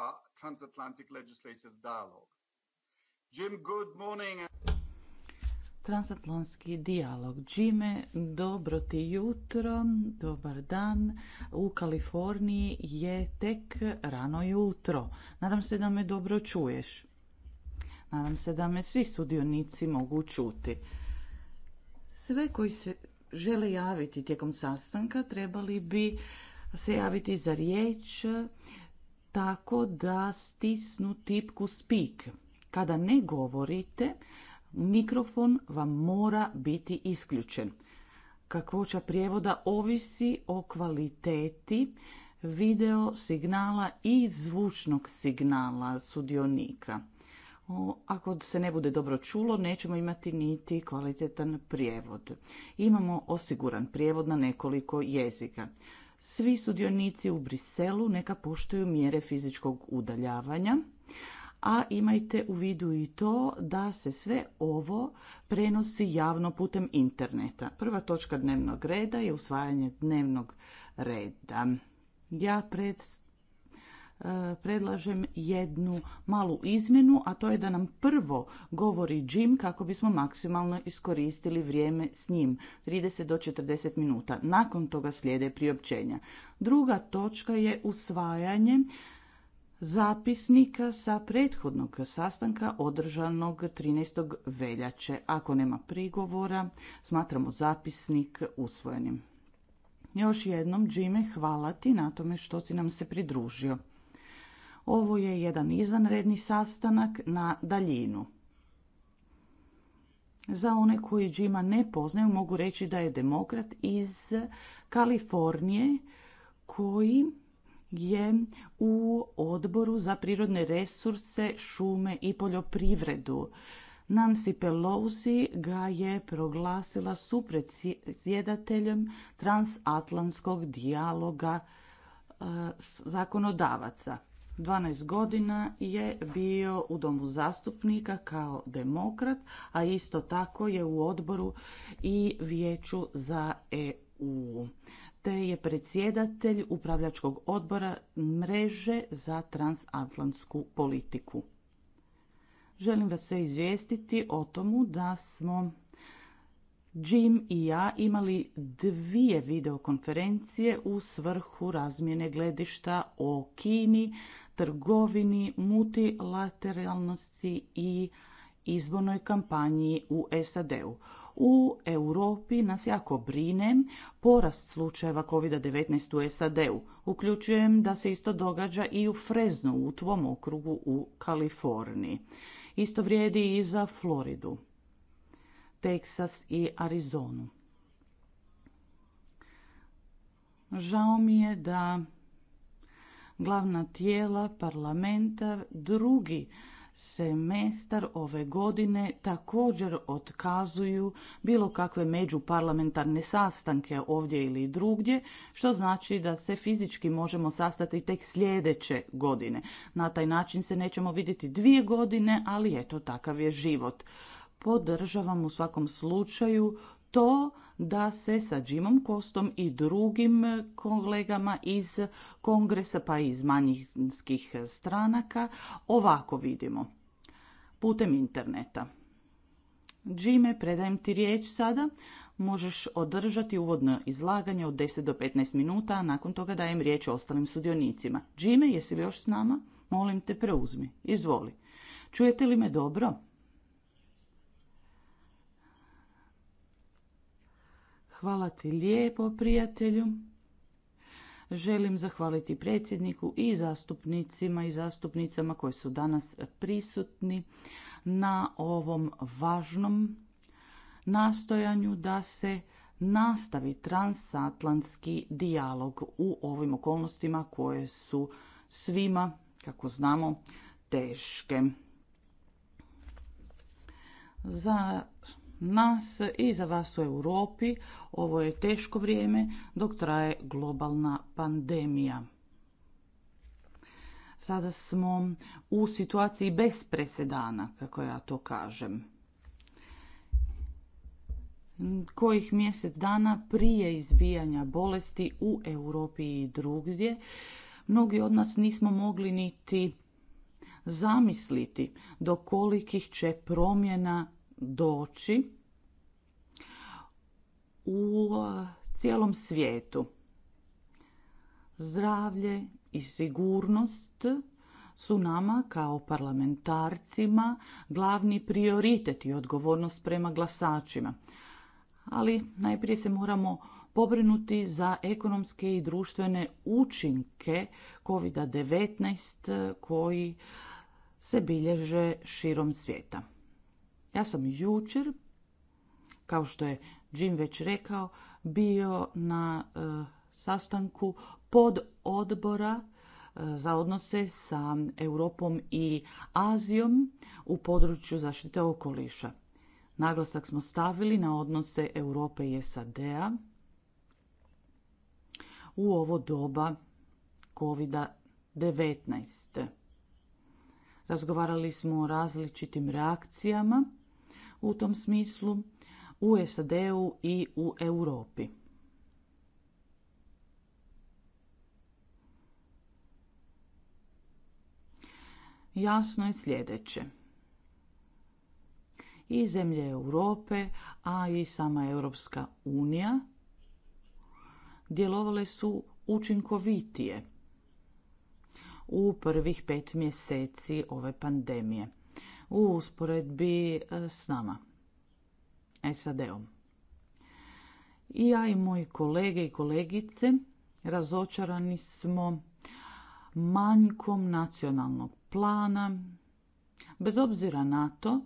Pa transatlantic dialogue. Jim, good morning. Transatlantski dijalog. Jime, dobro ti jutro, dobar dan. U Kaliforniji je tek rano jutro. Nadam se da me dobro čuješ. Nadam se da me svi sudionici mogu čuti. Sve koji se žele javiti tijekom sastanka trebali bi se javiti za riječ tako da stisnu tipku speak. Kada ne govorite, mikrofon vam mora biti isključen. Kakvoća prijevoda ovisi o kvaliteti video signala i zvučnog signala sudionika. Ako se ne bude dobro čulo, nećemo imati niti kvalitetan prijevod. Imamo osiguran prijevod na nekoliko jezika. Svi sudionici u Briselu neka poštuju mjere fizičkog udaljavanja, a imajte u vidu i to da se sve ovo prenosi javno putem interneta. Prva točka dnevnog reda je usvajanje dnevnog reda. Ja pred predlažem jednu malu izmjenu, a to je da nam prvo govori Jim kako bismo maksimalno iskoristili vrijeme s njim, 30 do 40 minuta. Nakon toga slijede priopćenja. Druga točka je usvajanje zapisnika sa prethodnog sastanka održanog 13. veljače. Ako nema prigovora, smatramo zapisnik usvojenim. Još jednom, Jime, hvala ti na tome što si nam se pridružio. Ovo je jedan izvanredni sastanak na daljinu. Za one koji Džima ne poznaju mogu reći da je demokrat iz Kalifornije koji je u odboru za prirodne resurse, šume i poljoprivredu. Nancy Pelosi ga je proglasila supredsjedateljem transatlantskog dijaloga e, zakonodavaca. 12 godina je bio u domu zastupnika kao demokrat, a isto tako je u odboru i vijeću za EU te je predsjedatelj upravljačkog odbora mreže za transatlantsku politiku. Želim vas se izvijestiti o tomu da smo Jim i ja imali dvije videokonferencije u svrhu razmjene gledišta o Kini trgovini, multilateralnosti i izbornoj kampanji u SAD-u. U Europi nas jako brine porast slučajeva COVID-19 u SAD-u. Uključujem da se isto događa i u Freznu, u tvom okrugu u Kaliforniji. Isto vrijedi i za Floridu, Teksas i Arizonu. Žao mi je da glavna tijela parlamentar, drugi semestar ove godine također otkazuju bilo kakve međuparlamentarne sastanke ovdje ili drugdje, što znači da se fizički možemo sastati tek sljedeće godine. Na taj način se nećemo vidjeti dvije godine, ali eto takav je život. Podržavam u svakom slučaju to da se sa Jimom Kostom i drugim kolegama iz kongresa pa i iz manjinskih stranaka ovako vidimo. Putem interneta. Jime, predajem ti riječ sada. Možeš održati uvodno izlaganje od 10 do 15 minuta, a nakon toga dajem riječ ostalim sudionicima. Jime, jesi li još s nama? Molim te, preuzmi. Izvoli. Čujete li me dobro? Hvala ti lijepo, prijatelju. Želim zahvaliti predsjedniku i zastupnicima i zastupnicama koji su danas prisutni na ovom važnom nastojanju da se nastavi transatlantski dijalog u ovim okolnostima koje su svima, kako znamo, teške. Za nas i za vas u Europi. Ovo je teško vrijeme dok traje globalna pandemija. Sada smo u situaciji bez presedana, kako ja to kažem. Kojih mjesec dana prije izbijanja bolesti u Europi i drugdje, mnogi od nas nismo mogli niti zamisliti do kolikih će promjena doći u cijelom svijetu. Zdravlje i sigurnost su nama kao parlamentarcima glavni prioritet i odgovornost prema glasačima. Ali najprije se moramo pobrinuti za ekonomske i društvene učinke COVID-19 koji se bilježe širom svijeta. Ja sam jučer, kao što je Jim već rekao, bio na e, sastanku pod odbora e, za odnose sa Europom i Azijom u području zaštite okoliša. Naglasak smo stavili na odnose Europe i SAD-a u ovo doba COVID-19. Razgovarali smo o različitim reakcijama u tom smislu u SAD-u i u Europi. Jasno je sljedeće. I zemlje Europe, a i sama Europska unija djelovale su učinkovitije u prvih pet mjeseci ove pandemije u usporedbi e, s nama, SAD-om. I ja i moji kolege i kolegice razočarani smo manjkom nacionalnog plana, bez obzira na to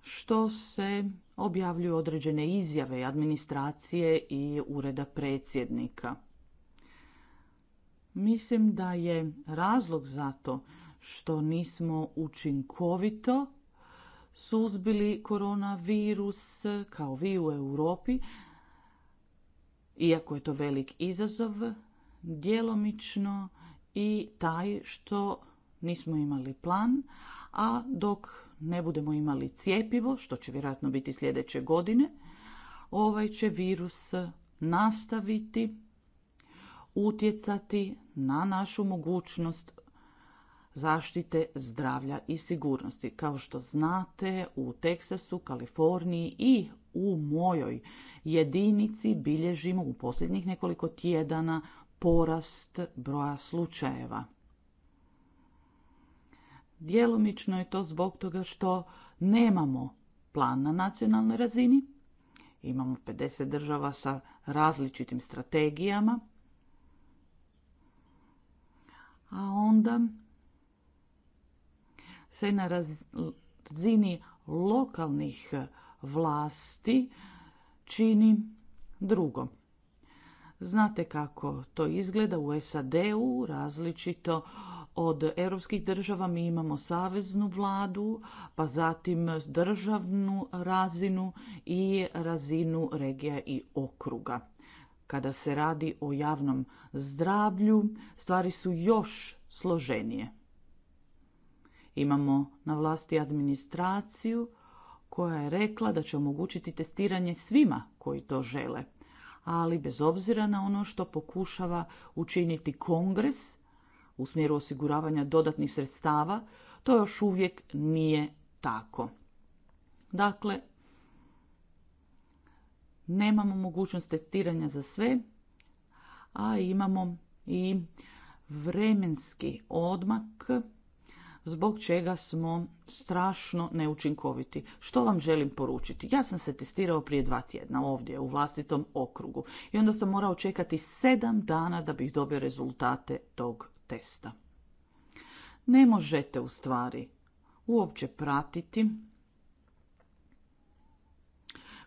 što se objavljuju određene izjave administracije i ureda predsjednika. Mislim da je razlog za to što nismo učinkovito suzbili koronavirus kao vi u Europi, iako je to velik izazov, djelomično i taj što nismo imali plan, a dok ne budemo imali cijepivo, što će vjerojatno biti sljedeće godine, ovaj će virus nastaviti utjecati na našu mogućnost zaštite zdravlja i sigurnosti. Kao što znate, u Teksasu, Kaliforniji i u mojoj jedinici bilježimo u posljednjih nekoliko tjedana porast broja slučajeva. Djelomično je to zbog toga što nemamo plan na nacionalnoj razini. Imamo 50 država sa različitim strategijama. A onda se na razini lokalnih vlasti čini drugo. Znate kako to izgleda u SAD-u, različito od europskih država mi imamo saveznu vladu, pa zatim državnu razinu i razinu regija i okruga. Kada se radi o javnom zdravlju, stvari su još složenije. Imamo na vlasti administraciju koja je rekla da će omogućiti testiranje svima koji to žele. Ali bez obzira na ono što pokušava učiniti kongres u smjeru osiguravanja dodatnih sredstava, to još uvijek nije tako. Dakle, nemamo mogućnost testiranja za sve, a imamo i vremenski odmak zbog čega smo strašno neučinkoviti. Što vam želim poručiti? Ja sam se testirao prije dva tjedna ovdje u vlastitom okrugu i onda sam morao čekati sedam dana da bih dobio rezultate tog testa. Ne možete u stvari uopće pratiti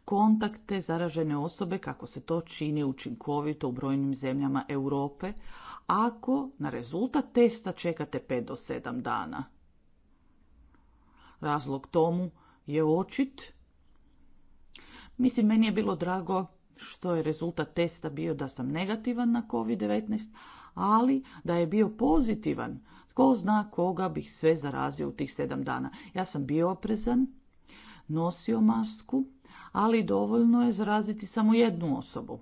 kontakte zaražene osobe kako se to čini učinkovito u brojnim zemljama Europe, ako na rezultat testa čekate 5 do 7 dana. Razlog tomu je očit. Mislim, meni je bilo drago što je rezultat testa bio da sam negativan na COVID-19, ali da je bio pozitivan. Tko zna koga bih sve zarazio u tih sedam dana. Ja sam bio oprezan, nosio masku, ali dovoljno je zaraziti samo jednu osobu.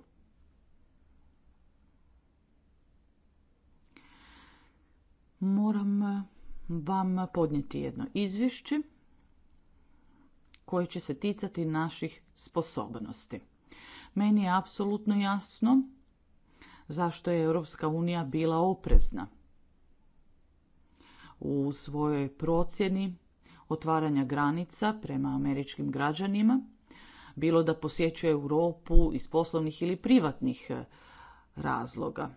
Moram eh, vam podnijeti jedno izvješće koje će se ticati naših sposobnosti. Meni je apsolutno jasno zašto je Europska unija bila oprezna u svojoj procjeni otvaranja granica prema američkim građanima bilo da posjećuje Europu iz poslovnih ili privatnih e, razloga.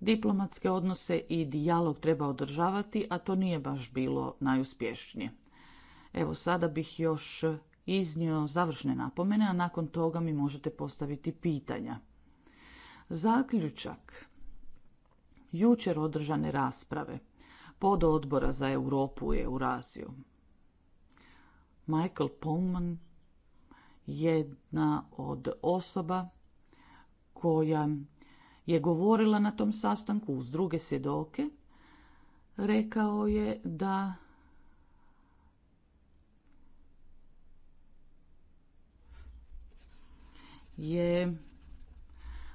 Diplomatske odnose i dijalog treba održavati, a to nije baš bilo najuspješnije. Evo sada bih još iznio završne napomene, a nakon toga mi možete postaviti pitanja. Zaključak jučer održane rasprave pododbora za Europu i Euraziju. Michael Pullman jedna od osoba koja je govorila na tom sastanku uz druge svjedoke, rekao je da je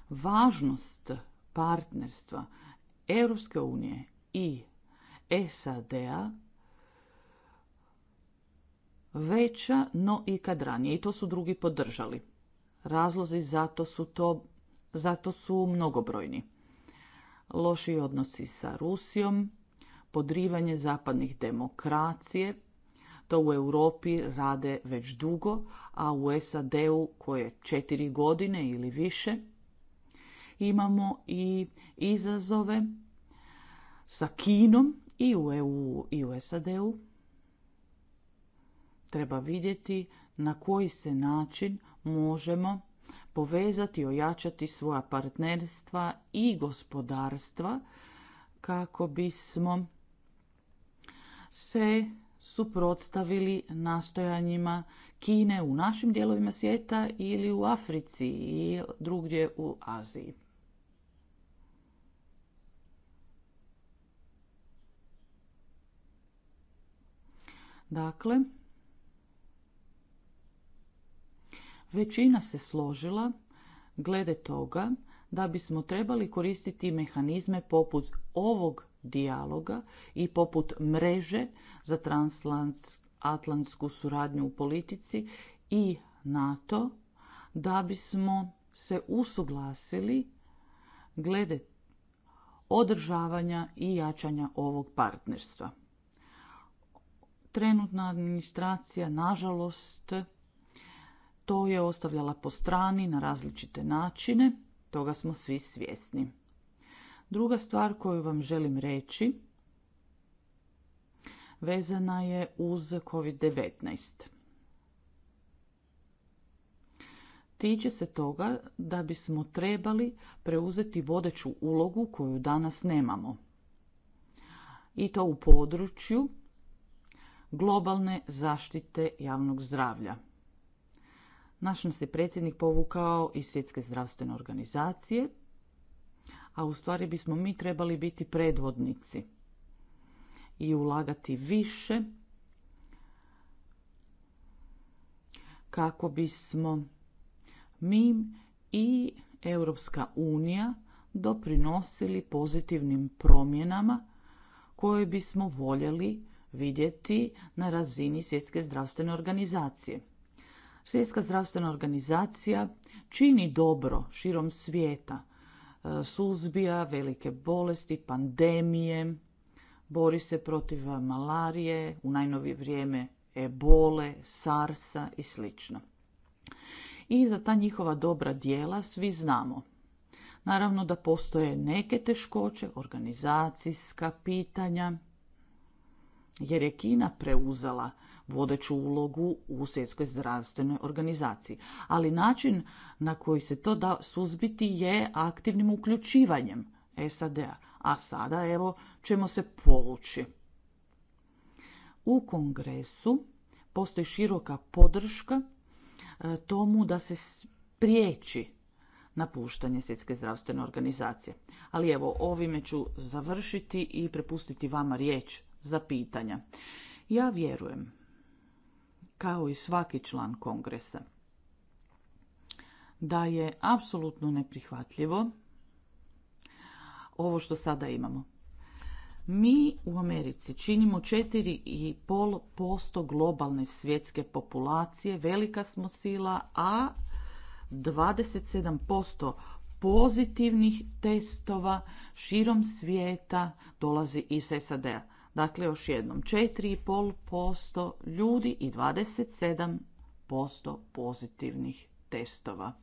važnost partnerstva Europske unije i SAD-a veća no ikad ranije i to su drugi podržali. Razlozi zato su to zato su mnogobrojni. Loši odnosi sa Rusijom, podrivanje zapadnih demokracije, to u Europi rade već dugo, a u SAD-u koje četiri godine ili više imamo i izazove sa Kinom i u EU i u SAD-u treba vidjeti na koji se način možemo povezati i ojačati svoja partnerstva i gospodarstva kako bismo se suprotstavili nastojanjima Kine u našim dijelovima svijeta ili u Africi i drugdje u Aziji. Dakle, većina se složila glede toga da bismo trebali koristiti mehanizme poput ovog dijaloga i poput mreže za transatlantsku suradnju u politici i NATO da bismo se usuglasili glede održavanja i jačanja ovog partnerstva trenutna administracija, nažalost, to je ostavljala po strani na različite načine, toga smo svi svjesni. Druga stvar koju vam želim reći vezana je uz COVID-19. Tiče se toga da bismo trebali preuzeti vodeću ulogu koju danas nemamo. I to u području globalne zaštite javnog zdravlja. Naš nas je predsjednik povukao iz Svjetske zdravstvene organizacije, a u stvari bismo mi trebali biti predvodnici i ulagati više kako bismo mi i Europska unija doprinosili pozitivnim promjenama koje bismo voljeli vidjeti na razini Svjetske zdravstvene organizacije. Svjetska zdravstvena organizacija čini dobro širom svijeta, e, suzbija velike bolesti, pandemije, bori se protiv malarije, u najnovije vrijeme ebole, sarsa i sl. I za ta njihova dobra dijela svi znamo. Naravno da postoje neke teškoće, organizacijska pitanja, jer je Kina preuzela vodeću ulogu u svjetskoj zdravstvenoj organizaciji. Ali način na koji se to da suzbiti je aktivnim uključivanjem SAD-a. A sada evo ćemo se povući. U kongresu postoji široka podrška e, tomu da se priječi napuštanje svjetske zdravstvene organizacije. Ali evo, ovime ću završiti i prepustiti vama riječ za pitanja. Ja vjerujem, kao i svaki član kongresa, da je apsolutno neprihvatljivo ovo što sada imamo. Mi u Americi činimo 4,5% globalne svjetske populacije, velika smo sila, a 27% pozitivnih testova širom svijeta dolazi iz SAD-a. Dakle, još jednom, 4,5% ljudi i 27% pozitivnih testova.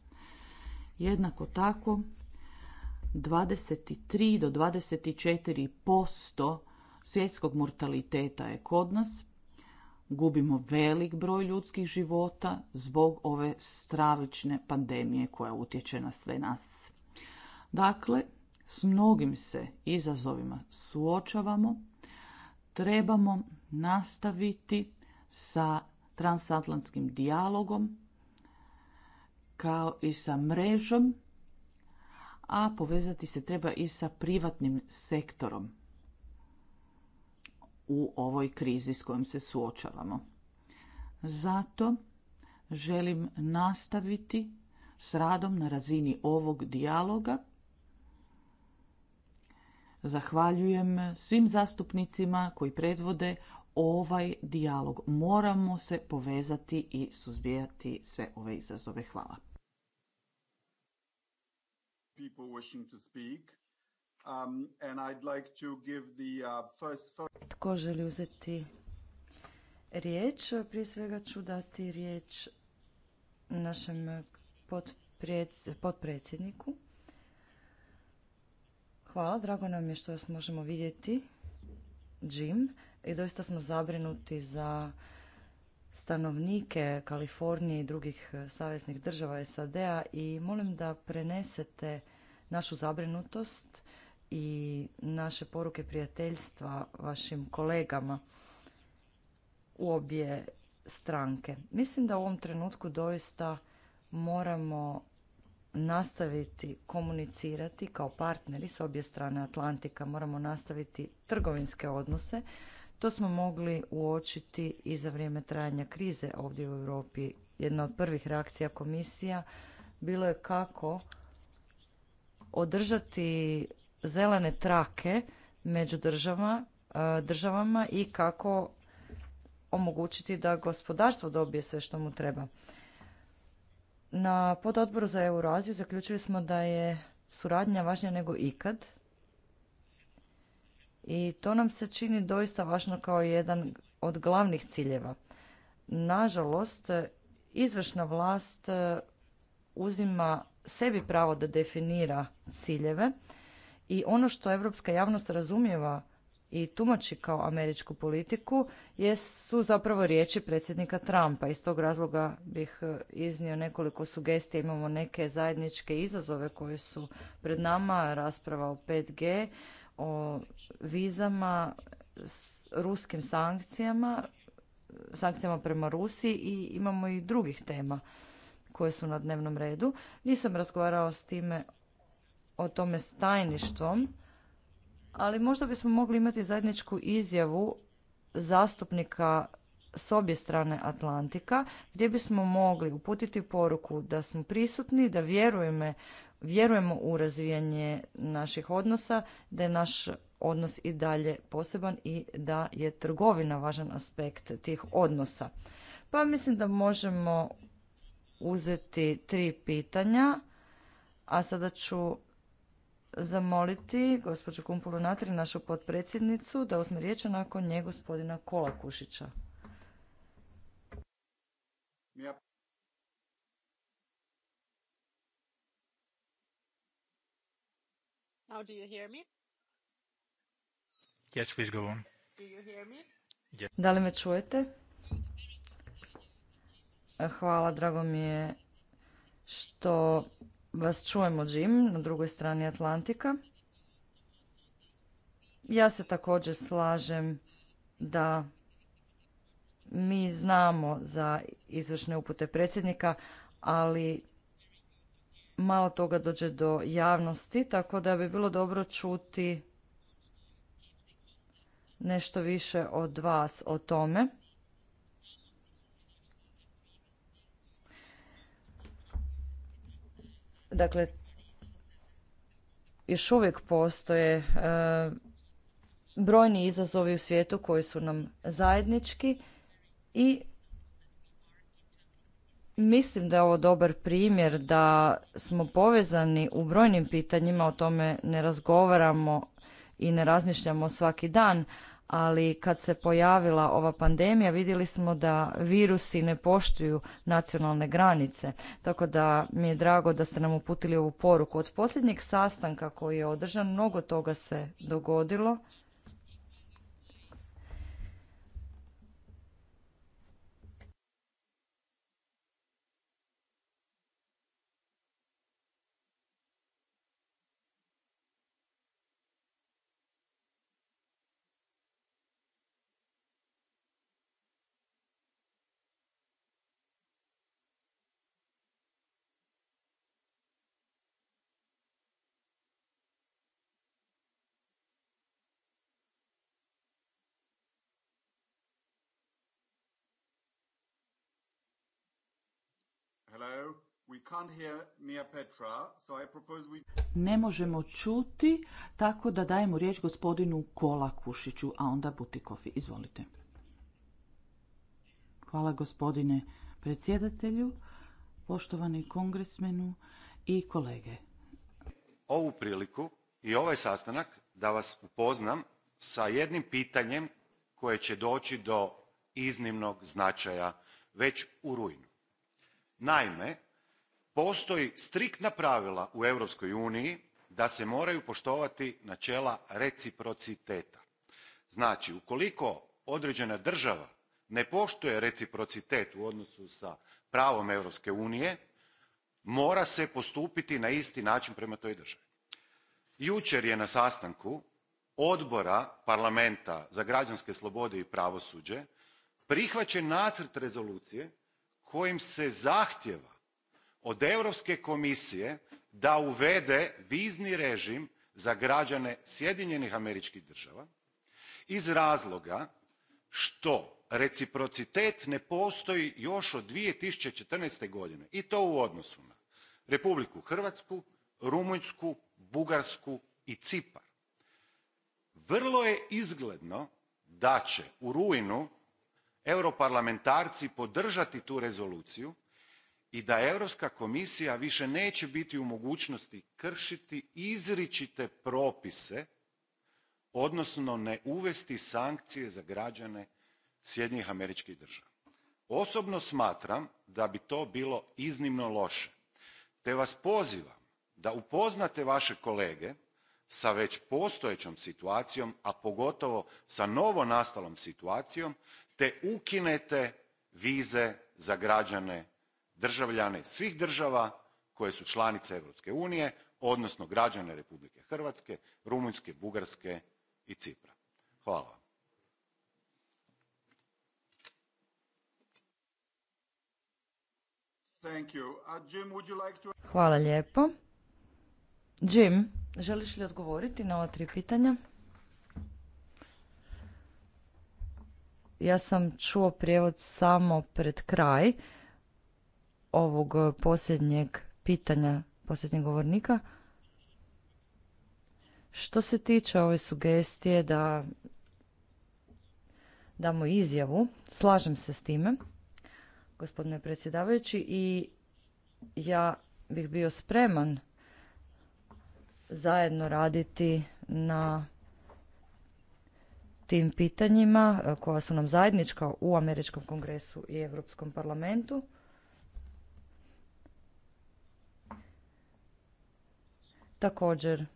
Jednako tako, 23 do 24% svjetskog mortaliteta je kod nas. Gubimo velik broj ljudskih života zbog ove stravične pandemije koja utječe na sve nas. Dakle, s mnogim se izazovima suočavamo trebamo nastaviti sa transatlantskim dijalogom kao i sa mrežom, a povezati se treba i sa privatnim sektorom u ovoj krizi s kojom se suočavamo. Zato želim nastaviti s radom na razini ovog dijaloga Zahvaljujem svim zastupnicima koji predvode ovaj dijalog. Moramo se povezati i suzbijati sve ove izazove. Hvala. Um, uh, Tko želi uzeti riječ? Prije svega ću dati riječ našem potpredsjedniku. Hvala, drago nam je što vas možemo vidjeti, Jim, i doista smo zabrinuti za stanovnike Kalifornije i drugih e, saveznih država SAD-a i molim da prenesete našu zabrinutost i naše poruke prijateljstva vašim kolegama u obje stranke. Mislim da u ovom trenutku doista moramo nastaviti komunicirati kao partneri s obje strane Atlantika, moramo nastaviti trgovinske odnose. To smo mogli uočiti i za vrijeme trajanja krize ovdje u Europi. Jedna od prvih reakcija komisija bilo je kako održati zelene trake među državama, e, državama i kako omogućiti da gospodarstvo dobije sve što mu treba. Na pododboru za Euroaziju zaključili smo da je suradnja važnija nego ikad i to nam se čini doista važno kao jedan od glavnih ciljeva. Nažalost, izvršna vlast e, uzima sebi pravo da definira ciljeve i ono što evropska javnost razumijeva i tumači kao američku politiku su zapravo riječi predsjednika Trumpa. Iz tog razloga bih e, iznio nekoliko sugestija. Imamo neke zajedničke izazove koje su pred nama, rasprava o 5G, o vizama, s ruskim sankcijama, sankcijama prema Rusiji i imamo i drugih tema koje su na dnevnom redu. Nisam razgovarao s time o tome s tajništvom ali možda bismo mogli imati zajedničku izjavu zastupnika s obje strane Atlantika, gdje bismo mogli uputiti poruku da smo prisutni, da vjerujeme, vjerujemo u razvijanje naših odnosa, da je naš odnos i dalje poseban i da je trgovina važan aspekt tih odnosa. Pa mislim da možemo uzeti tri pitanja, a sada ću zamoliti gospođu Kumpulu Natri, našu potpredsjednicu, da uzme riječ nakon nje gospodina Kolakušića. Kušića. Da li me čujete? Hvala, drago mi je što vas čujemo, Jim, na drugoj strani Atlantika. Ja se također slažem da mi znamo za izvršne upute predsjednika, ali malo toga dođe do javnosti, tako da bi bilo dobro čuti nešto više od vas o tome. Dakle, još uvijek postoje e, brojni izazovi u svijetu koji su nam zajednički i mislim da je ovo dobar primjer da smo povezani u brojnim pitanjima, o tome ne razgovaramo i ne razmišljamo svaki dan, ali kad se pojavila ova pandemija vidjeli smo da virusi ne poštuju nacionalne granice. Tako da mi je drago da ste nam uputili ovu poruku. Od posljednjeg sastanka koji je održan mnogo toga se dogodilo Hello? Ne možemo čuti, tako da dajemo riječ gospodinu Kola Kušiću, a onda Butikofi. Izvolite. Hvala gospodine predsjedatelju, poštovani kongresmenu i kolege. Ovu priliku i ovaj sastanak da vas upoznam sa jednim pitanjem koje će doći do iznimnog značaja već u rujnu. Naime, postoji striktna pravila u Europskoj uniji da se moraju poštovati načela reciprociteta. Znači, ukoliko određena država ne poštuje reciprocitet u odnosu sa pravom Europske unije, mora se postupiti na isti način prema toj državi. Jučer je na sastanku Odbora parlamenta za građanske slobode i pravosuđe prihvaćen nacrt rezolucije kojim se zahtjeva od Europske komisije da uvede vizni režim za građane Sjedinjenih Američkih Država iz razloga što reciprocitet ne postoji još od 2014. godine i to u odnosu na Republiku Hrvatsku, Rumunjsku, Bugarsku i Cipar. Vrlo je izgledno da će u rujnu europarlamentarci podržati tu rezoluciju i da europska komisija više neće biti u mogućnosti kršiti izričite propise odnosno ne uvesti sankcije za građane sjedinjenih američkih država. osobno smatram da bi to bilo iznimno loše te vas pozivam da upoznate vaše kolege sa već postojećom situacijom a pogotovo sa novonastalom situacijom te ukinete vize za građane, državljane svih država koje su članice Europske unije, odnosno građane Republike Hrvatske, Rumunjske, Bugarske i Cipra. Hvala vam. Hvala lijepo. Jim, želiš li odgovoriti na ova tri pitanja? ja sam čuo prijevod samo pred kraj ovog eh, posljednjeg pitanja posljednjeg govornika. Što se tiče ove sugestije da damo izjavu, slažem se s time, gospodine predsjedavajući, i ja bih bio spreman zajedno raditi na tim pitanjima e, koja su nam zajednička u Američkom kongresu i Europskom parlamentu. Također e,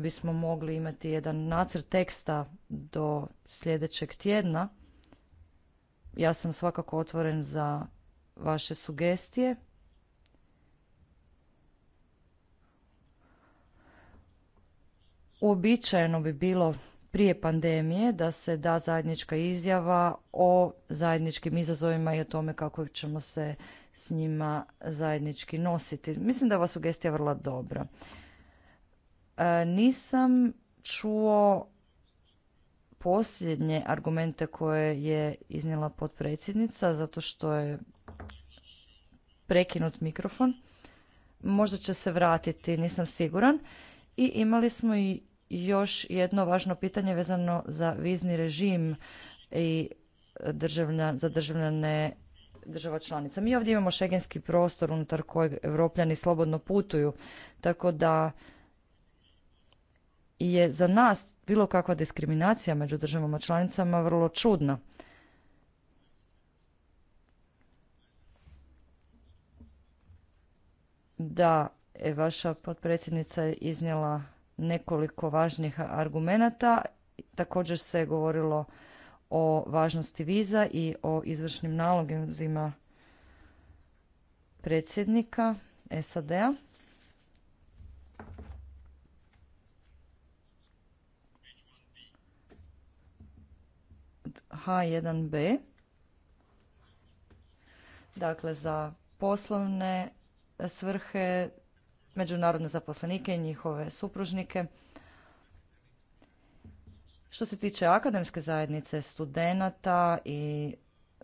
bismo mogli imati jedan nacrt teksta do sljedećeg tjedna. Ja sam svakako otvoren za vaše sugestije. Uobičajeno bi bilo prije pandemije da se da zajednička izjava o zajedničkim izazovima i o tome kako ćemo se s njima zajednički nositi. Mislim da je ova sugestija vrlo dobra. E, nisam čuo posljednje argumente koje je iznijela potpredsjednica zato što je prekinut mikrofon. Možda će se vratiti, nisam siguran. I imali smo i još jedno važno pitanje vezano za vizni režim i za državljane država članica. Mi ovdje imamo šegenski prostor unutar kojeg evropljani slobodno putuju, tako da je za nas bilo kakva diskriminacija među državama članicama vrlo čudna. Da, je vaša potpredsjednica iznijela nekoliko važnih argumenata. Također se je govorilo o važnosti viza i o izvršnim nalogima predsjednika SAD-a. H1B. Dakle, za poslovne svrhe međunarodne zaposlenike i njihove supružnike. Što se tiče akademske zajednice studenata i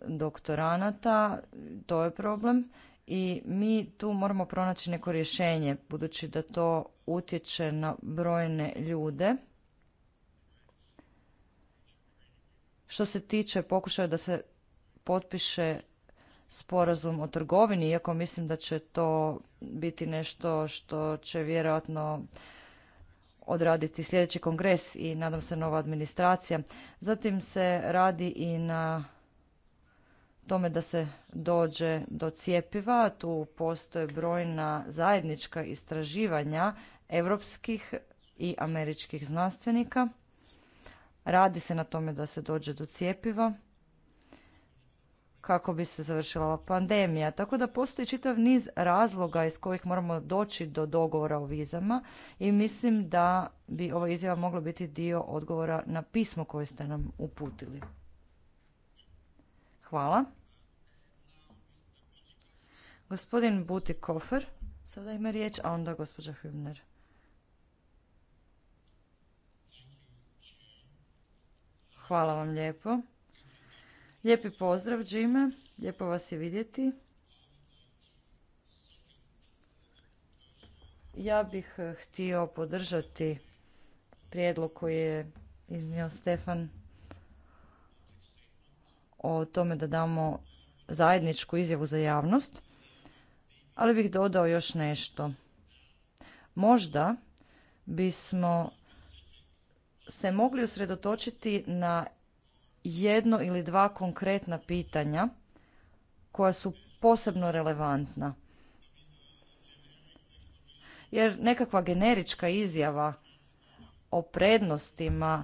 doktoranata, to je problem i mi tu moramo pronaći neko rješenje, budući da to utječe na brojne ljude. Što se tiče pokušaja da se potpiše sporazum o trgovini, iako mislim da će to biti nešto što će vjerojatno odraditi sljedeći kongres i nadam se nova administracija. Zatim se radi i na tome da se dođe do cijepiva. Tu postoje brojna zajednička istraživanja europskih i američkih znanstvenika. Radi se na tome da se dođe do cijepiva kako bi se završila ova pandemija. Tako da postoji čitav niz razloga iz kojih moramo doći do dogovora o vizama i mislim da bi ova izjava mogla biti dio odgovora na pismo koje ste nam uputili. Hvala. Gospodin Buti Kofer, sada ima riječ, a onda gospođa Hübner. Hvala vam lijepo. Lijepi pozdrav, Džime. Lijepo vas je vidjeti. Ja bih eh, htio podržati prijedlog koji je iznio Stefan o tome da damo zajedničku izjavu za javnost, ali bih dodao još nešto. Možda bismo se mogli usredotočiti na jedno ili dva konkretna pitanja koja su posebno relevantna. Jer nekakva generička izjava o prednostima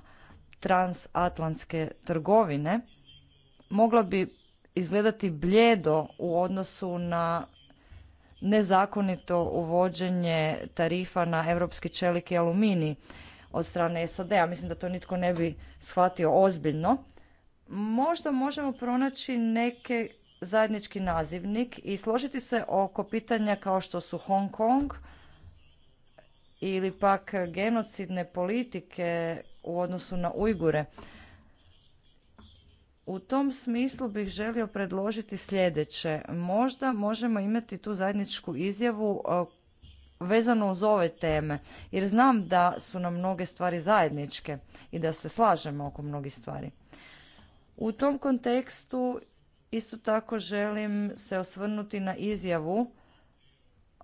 transatlantske trgovine mogla bi izgledati bljedo u odnosu na nezakonito uvođenje tarifa na europski čelik i aluminij od strane SAD-a. Mislim da to nitko ne bi shvatio ozbiljno možda možemo pronaći neki zajednički nazivnik i složiti se oko pitanja kao što su Hong Kong ili pak genocidne politike u odnosu na Ujgure. U tom smislu bih želio predložiti sljedeće. Možda možemo imati tu zajedničku izjavu e, vezano uz ove teme, jer znam da su nam mnoge stvari zajedničke i da se slažemo oko mnogih stvari. U tom kontekstu isto tako želim se osvrnuti na izjavu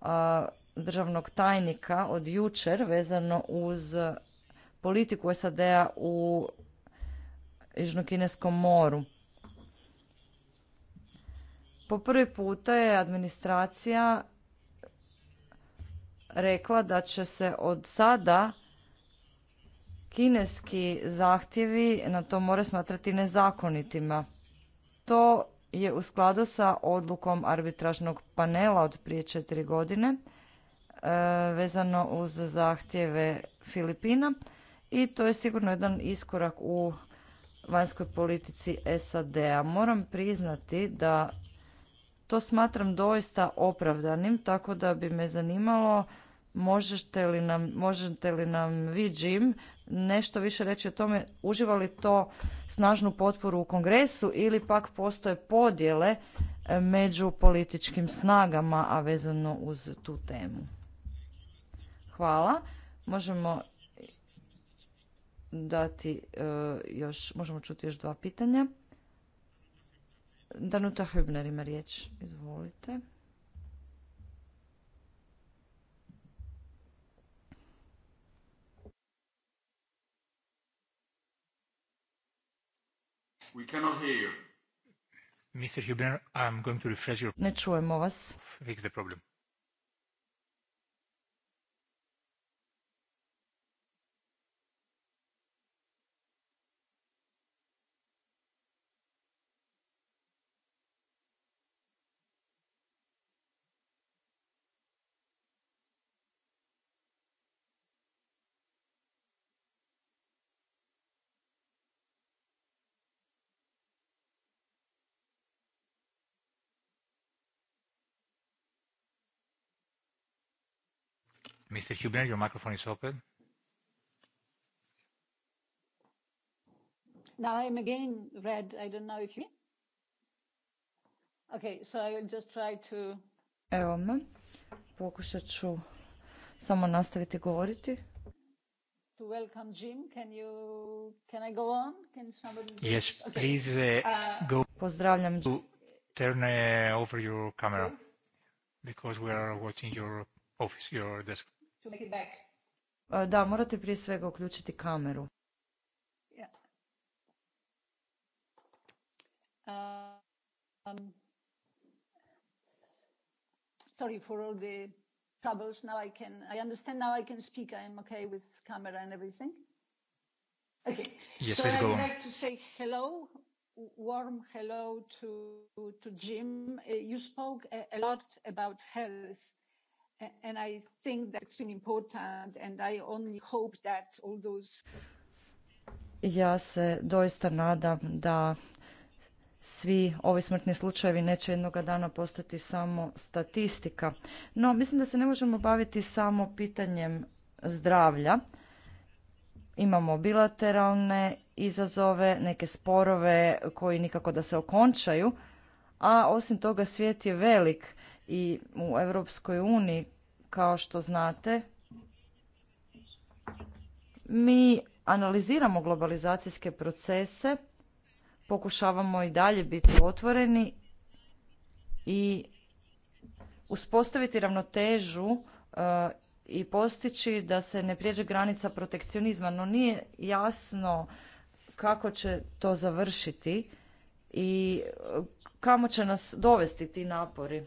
a, državnog tajnika od jučer vezano uz politiku SAD-a u Južnokineskom moru. Po prvi puta je administracija rekla da će se od sada kineski zahtjevi na to mora smatrati nezakonitima. To je u skladu sa odlukom arbitražnog panela od prije četiri godine e, vezano uz zahtjeve Filipina i to je sigurno jedan iskorak u vanjskoj politici SAD-a. Moram priznati da to smatram doista opravdanim, tako da bi me zanimalo možete li nam, možete li nam vi, Jim, nešto više reći o tome, uživa li to snažnu potporu u kongresu ili pak postoje podjele e, među političkim snagama, a vezano uz tu temu? Hvala. Možemo dati e, još, možemo čuti još dva pitanja. Danuta Hübner ima riječ. Izvolite. We cannot hear you. Mr. Hubner, I'm going to refresh your... Ne čujemo vas. Fix the problem. Mr. Huebner, your microphone is open. Now I'm again red. I don't know if you... Okay, so I will just try to... Evo me. Pokušat ću samo nastaviti govoriti. To welcome Jim, can you... Can I go on? Can somebody... Yes, please uh, uh, go... Pozdravljam Jim. Turn uh, over your camera. Because we are watching your office, your desk to make it back. E, da, morate prije svega uključiti kameru. Yeah. Um, um, sorry for all the troubles. Now I can, I understand now I can speak. I'm okay with camera and everything. Okay. so please I'd like to say hello, warm hello to, to Jim. Uh, you spoke a, a lot about health and I think that's extremely important and I only hope that all those ja se doista nadam da svi ovi smrtni slučajevi neće jednoga dana postati samo statistika. No, mislim da se ne možemo baviti samo pitanjem zdravlja. Imamo bilateralne izazove, neke sporove koji nikako da se okončaju, a osim toga svijet je velik i u Europskoj uniji, kao što znate, mi analiziramo globalizacijske procese, pokušavamo i dalje biti otvoreni i uspostaviti ravnotežu e, i postići da se ne prijeđe granica protekcionizma, no nije jasno kako će to završiti i e, kamo će nas dovesti ti napori.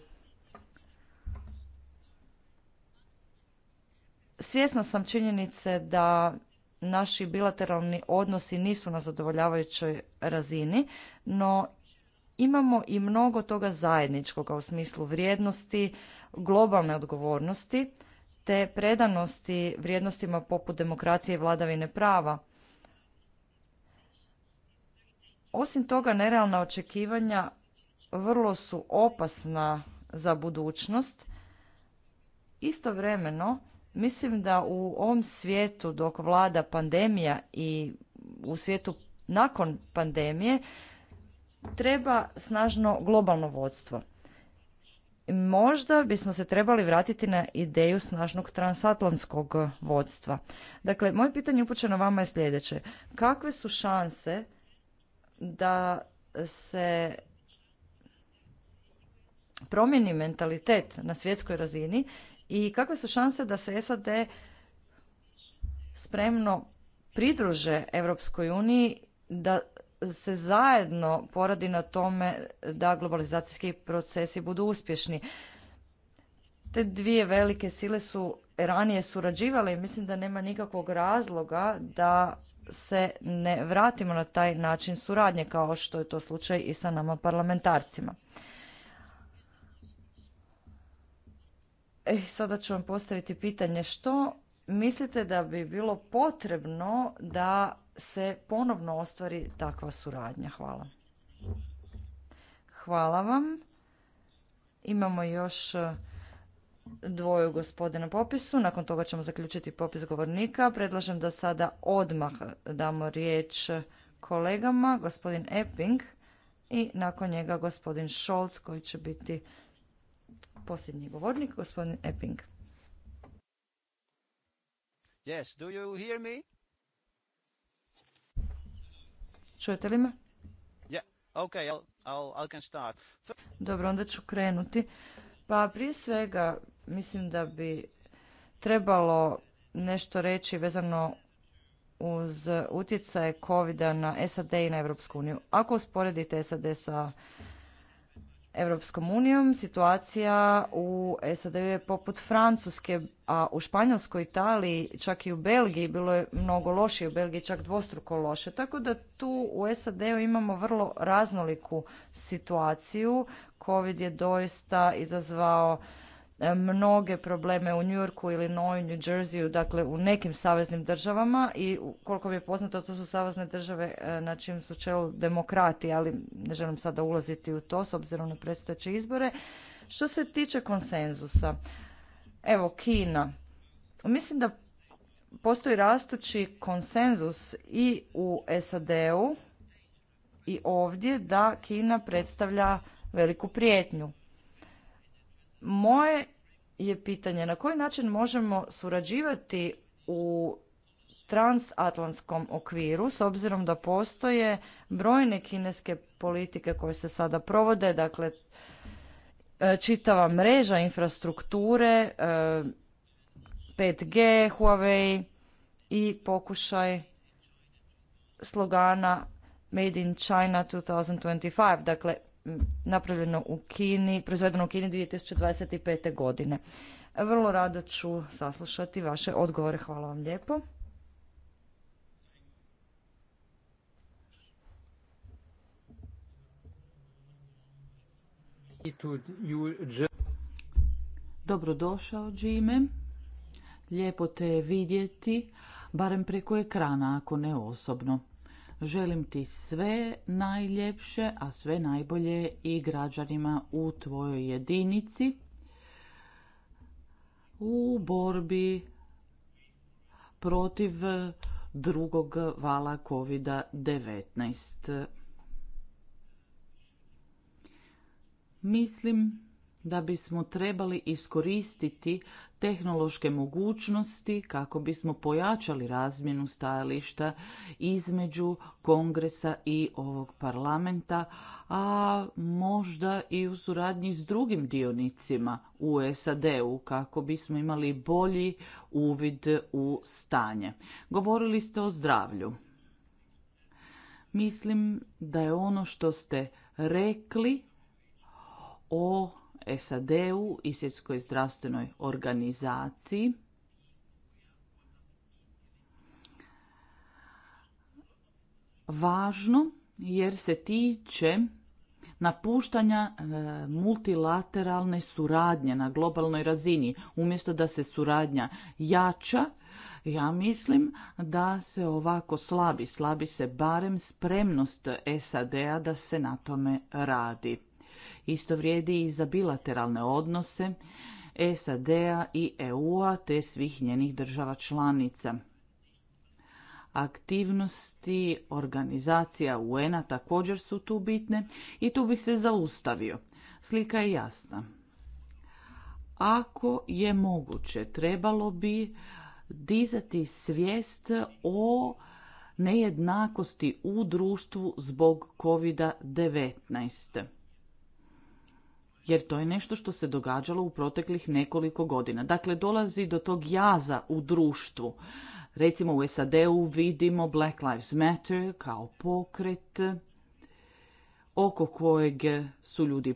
Svjesna sam činjenice da naši bilateralni odnosi nisu na zadovoljavajućoj razini, no imamo i mnogo toga zajedničkoga u smislu vrijednosti, globalne odgovornosti te predanosti vrijednostima poput demokracije i vladavine prava. Osim toga, nerealna očekivanja vrlo su opasna za budućnost. Istovremeno, Mislim da u ovom svijetu dok vlada pandemija i u svijetu nakon pandemije treba snažno globalno vodstvo. Možda bismo se trebali vratiti na ideju snažnog transatlantskog vodstva. Dakle, moje pitanje upućeno vama je sljedeće. Kakve su šanse da se promjeni mentalitet na svjetskoj razini i kakve su šanse da se SAD spremno pridruže Europskoj uniji da se zajedno poradi na tome da globalizacijski procesi budu uspješni. Te dvije velike sile su ranije surađivale i mislim da nema nikakvog razloga da se ne vratimo na taj način suradnje kao što je to slučaj i sa nama parlamentarcima. E, sada ću vam postaviti pitanje što mislite da bi bilo potrebno da se ponovno ostvari takva suradnja? Hvala. Hvala vam. Imamo još e, dvoju gospodina popisu. Nakon toga ćemo zaključiti popis govornika. Predlažem da sada odmah damo riječ kolegama, gospodin Epping i nakon njega gospodin Scholz koji će biti Posljednji govornik, gospodin Epping. Yes, do you hear me? Čujete li me? Yeah, okay, I'll, I'll, can start. Dobro, onda ću krenuti. Pa prije svega mislim da bi trebalo nešto reći vezano uz utjecaj covid na SAD i na Europsku uniju. Ako usporedite SAD sa Europskom unijom. Situacija u sad je poput Francuske, a u Španjolskoj, Italiji, čak i u Belgiji bilo je mnogo lošije, u Belgiji čak dvostruko loše. Tako da tu u SAD-u imamo vrlo raznoliku situaciju. Covid je doista izazvao E, mnoge probleme u New Yorku, ili New Jerseyu, dakle u nekim saveznim državama i koliko mi je poznato to su savezne države e, na čijem su čelu demokrati, ali ne želim sada ulaziti u to s obzirom na predstojeće izbore. Što se tiče konsenzusa, evo Kina, mislim da postoji rastući konsenzus i u SAD-u i ovdje da Kina predstavlja veliku prijetnju. Moje je pitanje na koji način možemo surađivati u transatlantskom okviru s obzirom da postoje brojne kineske politike koje se sada provode, dakle e, čitava mreža infrastrukture 5G, e, Huawei i pokušaj slogana Made in China 2025. Dakle, napravljeno u Kini, proizvedeno u Kini 2025. godine. Vrlo rado ću saslušati vaše odgovore. Hvala vam lijepo. Dobrodošao, Džime. Lijepo te vidjeti, barem preko ekrana, ako ne osobno. Želim ti sve najljepše, a sve najbolje i građanima u tvojoj jedinici u borbi protiv drugog vala COVID-19. Mislim da bismo trebali iskoristiti tehnološke mogućnosti kako bismo pojačali razmjenu stajališta između kongresa i ovog parlamenta, a možda i u suradnji s drugim dionicima u SAD-u kako bismo imali bolji uvid u stanje. Govorili ste o zdravlju. Mislim da je ono što ste rekli o SAD-u i svjetskoj zdravstvenoj organizaciji. Važno jer se tiče napuštanja e, multilateralne suradnje na globalnoj razini. Umjesto da se suradnja jača, ja mislim da se ovako slabi. Slabi se barem spremnost SAD-a da se na tome radi. Isto vrijedi i za bilateralne odnose SAD-a i EU-a te svih njenih država članica. Aktivnosti organizacija UN-a također su tu bitne i tu bih se zaustavio. Slika je jasna. Ako je moguće, trebalo bi dizati svijest o nejednakosti u društvu zbog COVID-19 jer to je nešto što se događalo u proteklih nekoliko godina. Dakle, dolazi do tog jaza u društvu. Recimo u SAD-u vidimo Black Lives Matter kao pokret oko kojeg su ljudi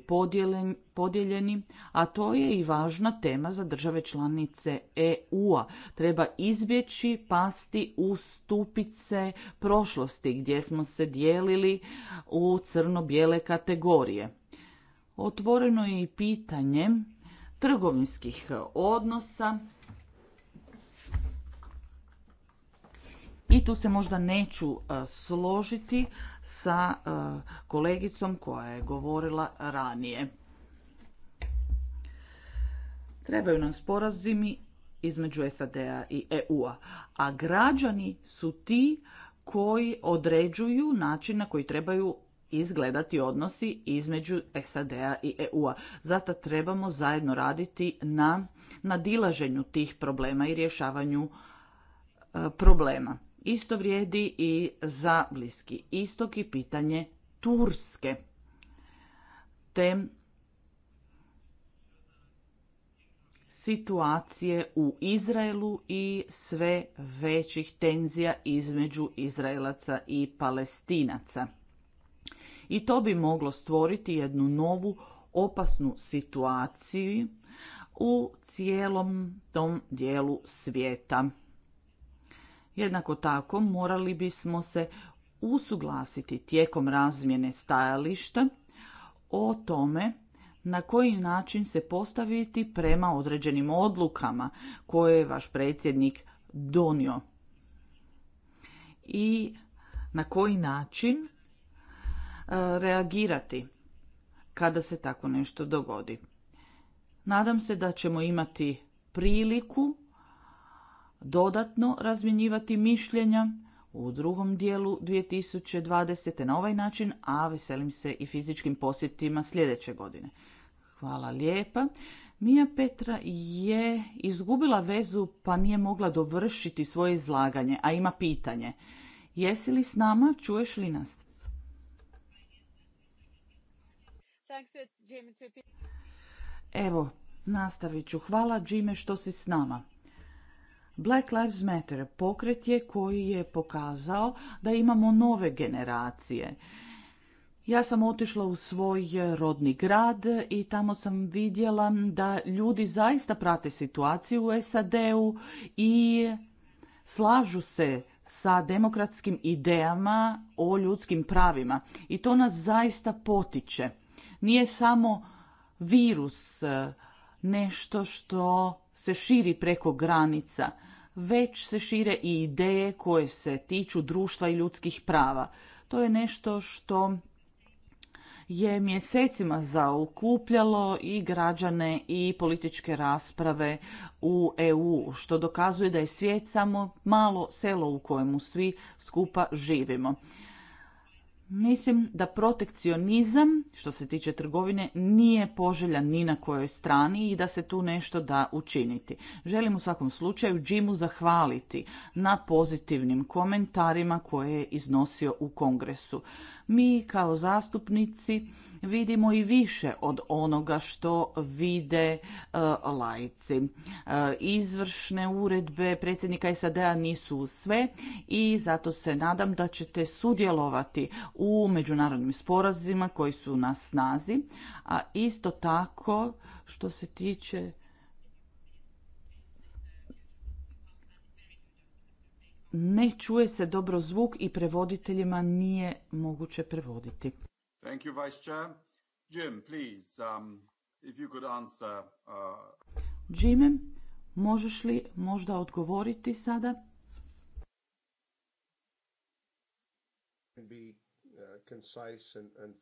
podijeljeni, a to je i važna tema za države članice EU-a. Treba izbjeći pasti u stupice prošlosti gdje smo se dijelili u crno-bijele kategorije. Otvoreno je i pitanje trgovinskih odnosa. I tu se možda neću e, složiti sa e, kolegicom koja je govorila ranije. Trebaju nam sporazumi između SAD-a i EU-a, a građani su ti koji određuju način na koji trebaju izgledati odnosi između SAD-a i EU-a. Zato trebamo zajedno raditi na nadilaženju tih problema i rješavanju e, problema. Isto vrijedi i za Bliski istok i pitanje Turske. Te situacije u Izraelu i sve većih tenzija između Izraelaca i Palestinaca. I to bi moglo stvoriti jednu novu opasnu situaciju u cijelom tom dijelu svijeta. Jednako tako morali bismo se usuglasiti tijekom razmjene stajališta o tome na koji način se postaviti prema određenim odlukama koje je vaš predsjednik donio i na koji način reagirati kada se tako nešto dogodi. Nadam se da ćemo imati priliku dodatno razmjenjivati mišljenja u drugom dijelu 2020. na ovaj način, a veselim se i fizičkim posjetima sljedeće godine. Hvala lijepa. Mija Petra je izgubila vezu pa nije mogla dovršiti svoje izlaganje, a ima pitanje. Jesi li s nama, čuješ li nas? Uh, Evo, nastavit ću. Hvala Jime što si s nama. Black Lives Matter pokret je koji je pokazao da imamo nove generacije. Ja sam otišla u svoj rodni grad i tamo sam vidjela da ljudi zaista prate situaciju u SAD-u i slažu se sa demokratskim idejama o ljudskim pravima i to nas zaista potiče nije samo virus, e, nešto što se širi preko granica, već se šire i ideje koje se tiču društva i ljudskih prava. To je nešto što je mjesecima zaukupljalo i građane i političke rasprave u EU, što dokazuje da je svijet samo malo selo u kojemu svi skupa živimo. Mislim da protekcionizam, što se tiče trgovine, nije poželjan ni na kojoj strani i da se tu nešto da učiniti. Želim u svakom slučaju Jimu zahvaliti na pozitivnim komentarima koje je iznosio u kongresu. Mi kao zastupnici vidimo i više od onoga što vide e, lajci. E, izvršne uredbe predsjednika SAD-a nisu sve i zato se nadam da ćete sudjelovati u međunarodnim sporazima koji su na snazi, a isto tako što se tiče ne čuje se dobro zvuk i prevoditeljima nije moguće prevoditi. Thank you, Vice Chair. Jim, please, um, if you could answer... Uh... Jim, možeš li možda odgovoriti sada?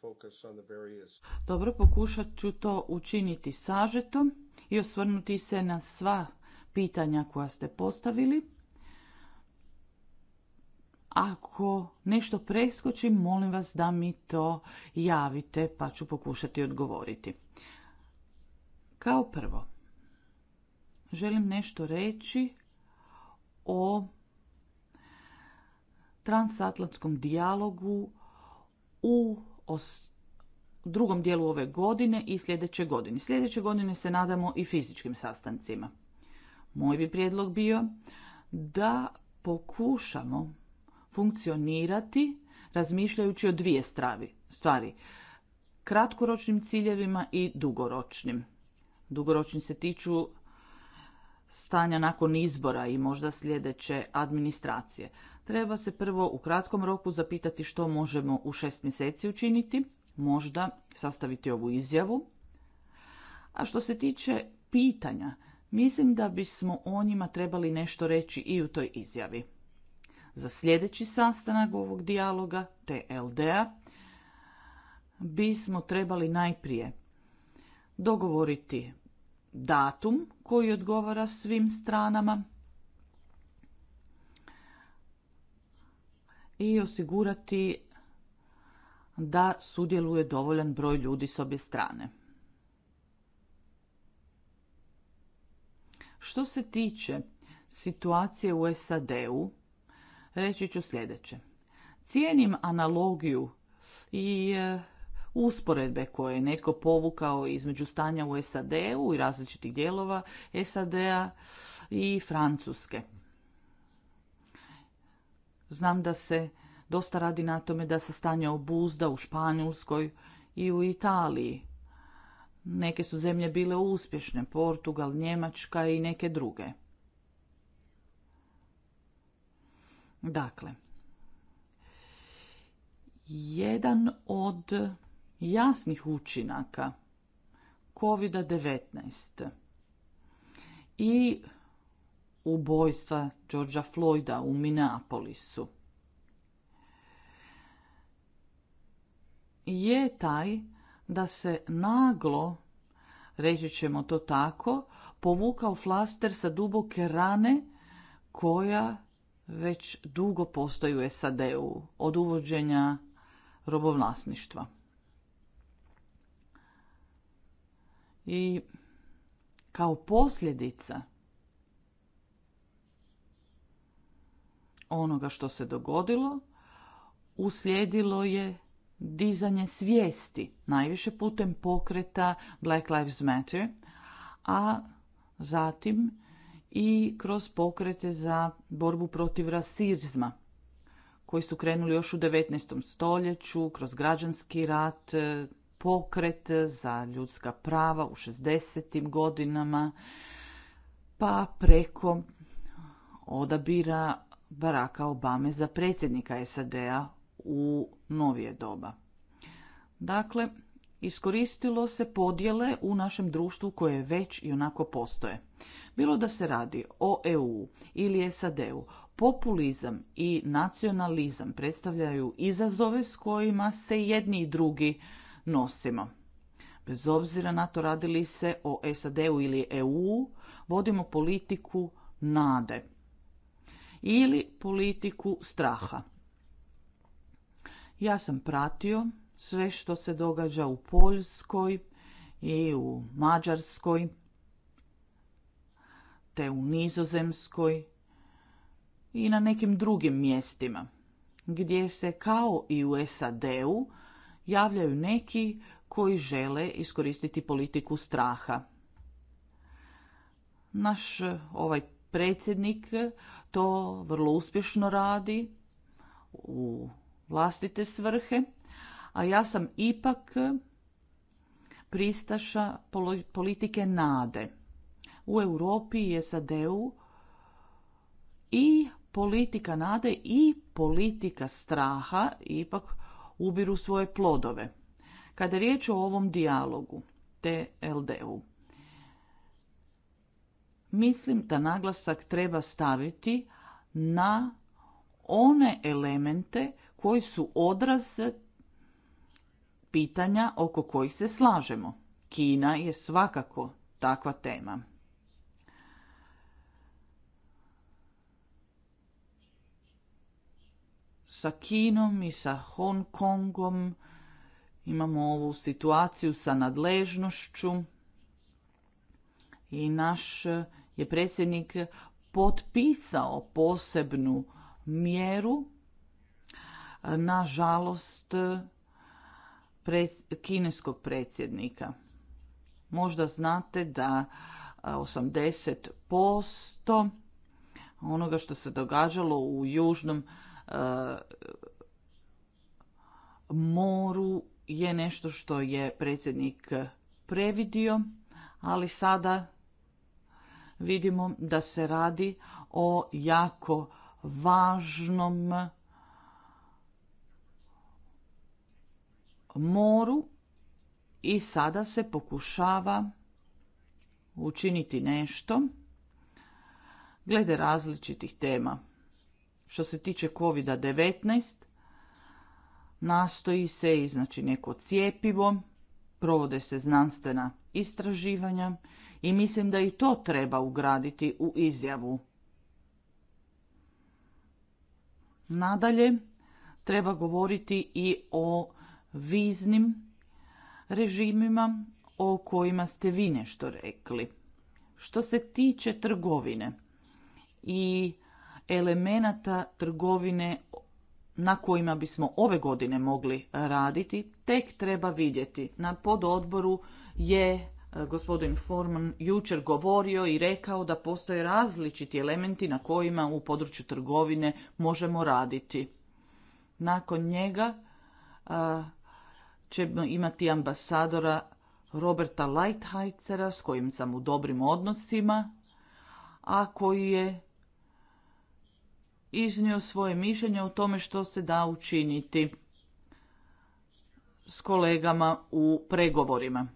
Uh, Dobro, pokušat ću to učiniti sažetom i osvrnuti se na sva pitanja koja ste postavili. Ako nešto preskočim, molim vas da mi to javite, pa ću pokušati odgovoriti. Kao prvo, želim nešto reći o transatlantskom dijalogu u drugom dijelu ove godine i sljedeće godine. Sljedeće godine se nadamo i fizičkim sastancima. Moj bi prijedlog bio da pokušamo funkcionirati razmišljajući o dvije stravi, stvari. Kratkoročnim ciljevima i dugoročnim. Dugoročni se tiču stanja nakon izbora i možda sljedeće administracije. Treba se prvo u kratkom roku zapitati što možemo u šest mjeseci učiniti, možda sastaviti ovu izjavu. A što se tiče pitanja, mislim da bismo o njima trebali nešto reći i u toj izjavi za sljedeći sastanak ovog dijaloga, TLD-a, bismo trebali najprije dogovoriti datum koji odgovara svim stranama i osigurati da sudjeluje dovoljan broj ljudi s obje strane. Što se tiče situacije u SAD-u, reći ću sljedeće. Cijenim analogiju i e, usporedbe koje je netko povukao između stanja u SAD-u i različitih dijelova SAD-a i Francuske. Znam da se dosta radi na tome da se stanje obuzda u Španjolskoj i u Italiji. Neke su zemlje bile uspješne, Portugal, Njemačka i neke druge. Dakle, jedan od jasnih učinaka COVID-19 i ubojstva Georgea Floyda u Minneapolisu je taj da se naglo, reći ćemo to tako, povukao flaster sa duboke rane koja već dugo postoji u SAD-u od uvođenja robovlasništva. I kao posljedica onoga što se dogodilo, uslijedilo je dizanje svijesti, najviše putem pokreta Black Lives Matter, a zatim i kroz pokrete za borbu protiv rasizma koji su krenuli još u 19. stoljeću kroz građanski rat, e, pokret za ljudska prava u 60. godinama pa preko odabira Baracka Obame za predsjednika SAD-a u novije doba. Dakle, iskoristilo se podjele u našem društvu koje već i onako postoje. Bilo da se radi o EU ili SAD-u, populizam i nacionalizam predstavljaju izazove s kojima se jedni i drugi nosimo. Bez obzira na to radili se o SAD-u ili EU, vodimo politiku nade ili politiku straha. Ja sam pratio sve što se događa u Poljskoj i u Mađarskoj te u Nizozemskoj i na nekim drugim mjestima gdje se kao i u SAD-u javljaju neki koji žele iskoristiti politiku straha. Naš ovaj predsjednik to vrlo uspješno radi u vlastite svrhe, a ja sam ipak pristaša politike nade u Europi i SAD-u i politika nade i politika straha ipak ubiru svoje plodove. Kada je riječ o ovom dijalogu, TLD-u, mislim da naglasak treba staviti na one elemente koji su odraz pitanja oko kojih se slažemo. Kina je svakako takva tema. sa Kinom i sa Hong Kongom. Imamo ovu situaciju sa nadležnošću i naš eh, je predsjednik potpisao posebnu mjeru. Eh, nažalost, žalost eh, kineskog predsjednika. Možda znate da 80% onoga što se događalo u Južnom E, moru je nešto što je predsjednik previdio, ali sada vidimo da se radi o jako važnom moru i sada se pokušava učiniti nešto glede različitih tema. Što se tiče COVID-19, nastoji se znači, neko cijepivo, provode se znanstvena istraživanja i mislim da i to treba ugraditi u izjavu. Nadalje, treba govoriti i o viznim režimima o kojima ste vi nešto rekli. Što se tiče trgovine i elemenata trgovine na kojima bismo ove godine mogli raditi, tek treba vidjeti. Na pododboru je e, gospodin Forman jučer govorio i rekao da postoje različiti elementi na kojima u području trgovine možemo raditi. Nakon njega e, ćemo imati ambasadora Roberta Lighthizer s kojim sam u dobrim odnosima, a koji je iznio svoje mišljenje o tome što se da učiniti s kolegama u pregovorima.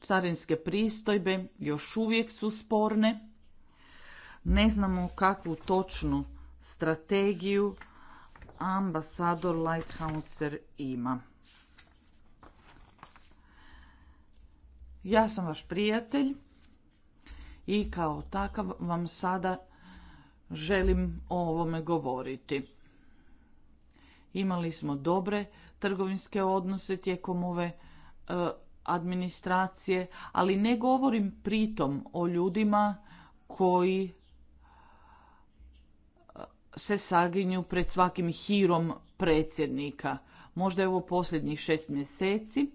Carinske pristojbe još uvijek su sporne. Ne znamo kakvu točnu strategiju ambasador Lighthouser ima. Ja sam vaš prijatelj i kao takav vam sada želim o ovome govoriti. Imali smo dobre trgovinske odnose tijekom ove e, administracije, ali ne govorim pritom o ljudima koji e, se saginju pred svakim hirom predsjednika. Možda je ovo posljednjih šest mjeseci,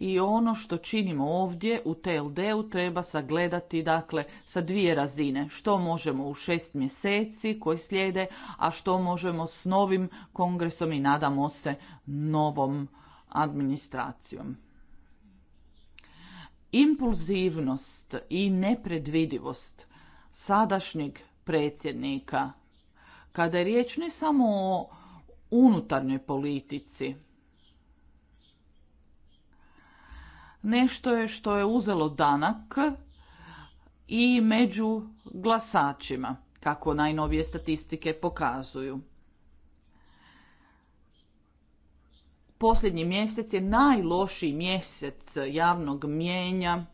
i ono što činimo ovdje u TLD-u treba sagledati dakle sa dvije razine. Što možemo u šest mjeseci koji slijede, a što možemo s novim kongresom i nadamo se novom administracijom. Impulzivnost i nepredvidivost sadašnjeg predsjednika, kada je riječ ne samo o unutarnjoj politici, nešto je što je uzelo danak i među glasačima, kako najnovije statistike pokazuju. Posljednji mjesec je najlošiji mjesec javnog mijenja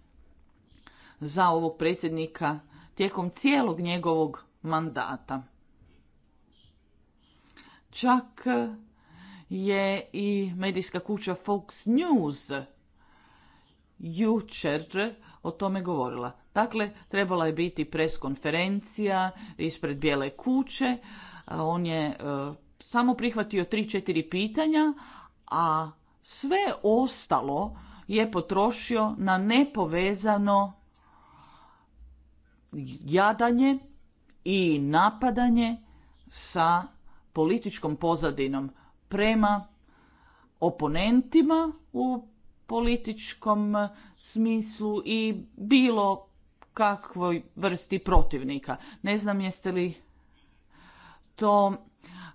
za ovog predsjednika tijekom cijelog njegovog mandata. Čak je i medijska kuća Fox News jučer o tome govorila. Dakle, trebala je biti preskonferencija ispred Bijele kuće. On je e, samo prihvatio 3-4 pitanja, a sve ostalo je potrošio na nepovezano jadanje i napadanje sa političkom pozadinom prema oponentima u političkom smislu i bilo kakvoj vrsti protivnika. Ne znam jeste li to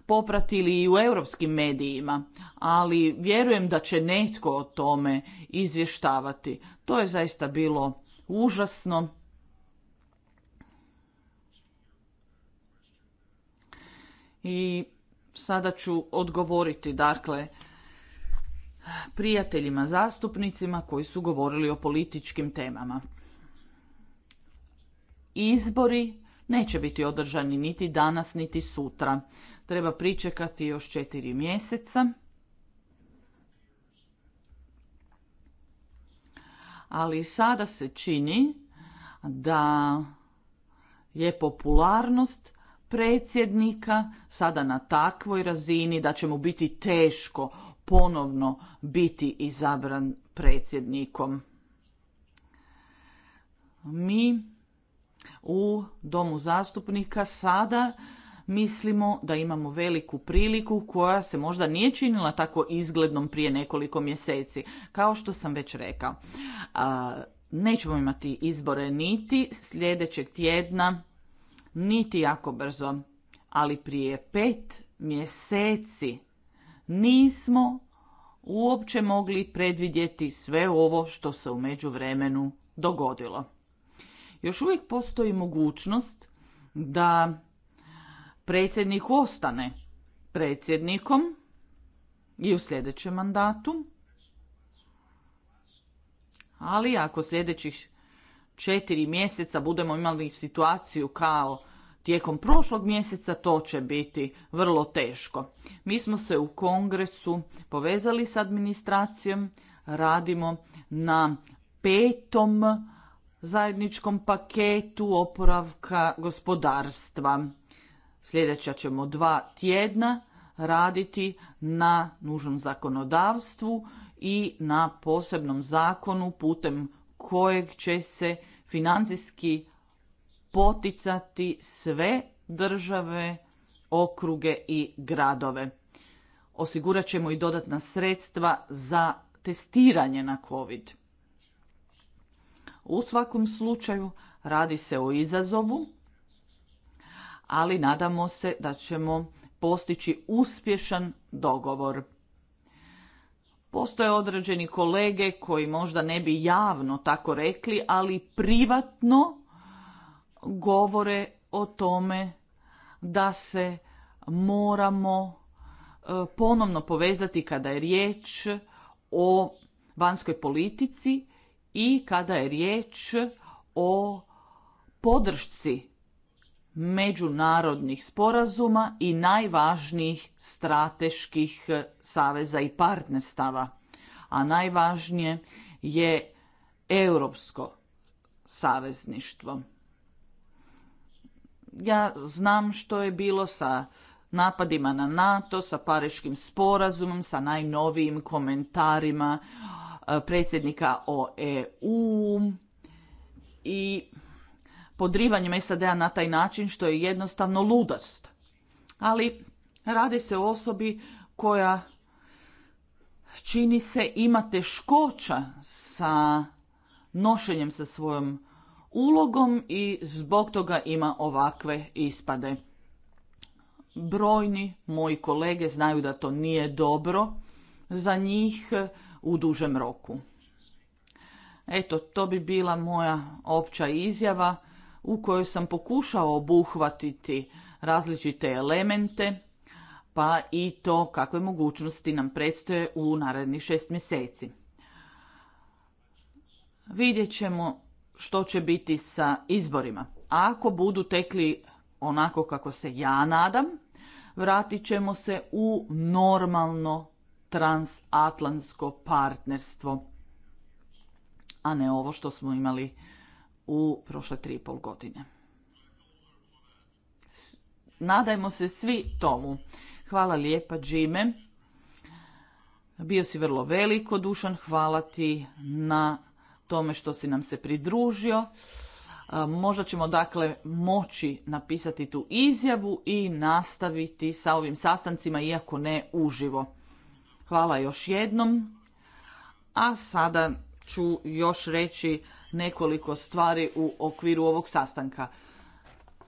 popratili i u europskim medijima, ali vjerujem da će netko o tome izvještavati. To je zaista bilo užasno. I sada ću odgovoriti, dakle, prijateljima zastupnicima koji su govorili o političkim temama. Izbori neće biti održani niti danas, niti sutra. Treba pričekati još četiri mjeseca. Ali sada se čini da je popularnost predsjednika sada na takvoj razini da će mu biti teško ponovno biti izabran predsjednikom. Mi u Domu zastupnika sada mislimo da imamo veliku priliku koja se možda nije činila tako izglednom prije nekoliko mjeseci. Kao što sam već rekao, nećemo imati izbore niti sljedećeg tjedna, niti jako brzo, ali prije pet mjeseci nismo uopće mogli predvidjeti sve ovo što se u međuvremenu dogodilo. Još uvijek postoji mogućnost da predsjednik ostane predsjednikom i u sljedećem mandatu, ali ako sljedećih četiri mjeseca budemo imali situaciju kao tijekom prošlog mjeseca to će biti vrlo teško. Mi smo se u kongresu povezali s administracijom, radimo na petom zajedničkom paketu oporavka gospodarstva. Sljedeća ćemo dva tjedna raditi na nužnom zakonodavstvu i na posebnom zakonu putem kojeg će se financijski poticati sve države, okruge i gradove. Osigurat ćemo i dodatna sredstva za testiranje na COVID. U svakom slučaju radi se o izazovu, ali nadamo se da ćemo postići uspješan dogovor. Postoje određeni kolege koji možda ne bi javno tako rekli, ali privatno govore o tome da se moramo e, ponovno povezati kada je riječ o vanjskoj politici i kada je riječ o podršci međunarodnih sporazuma i najvažnijih strateških saveza i partnerstava. A najvažnije je europsko savezništvo. Ja znam što je bilo sa napadima na NATO, sa pariškim sporazumom, sa najnovijim komentarima e, predsjednika o EU i podrivanjem SAD-a na taj način što je jednostavno ludost. Ali radi se o osobi koja čini se ima teškoća sa nošenjem sa svojom ulogom i zbog toga ima ovakve ispade. Brojni moji kolege znaju da to nije dobro za njih e, u dužem roku. Eto, to bi bila moja opća izjava u kojoj sam pokušao obuhvatiti različite elemente, pa i to kakve mogućnosti nam predstoje u narednih šest mjeseci. Vidjet ćemo što će biti sa izborima. ako budu tekli onako kako se ja nadam, vratit ćemo se u normalno transatlantsko partnerstvo, a ne ovo što smo imali u prošle tri i pol godine. Nadajmo se svi tomu. Hvala lijepa, Džime. Bio si vrlo veliko dušan, hvala ti na tome što si nam se pridružio. E, možda ćemo dakle moći napisati tu izjavu i nastaviti sa ovim sastancima, iako ne uživo. Hvala još jednom. A sada ću još reći nekoliko stvari u okviru ovog sastanka.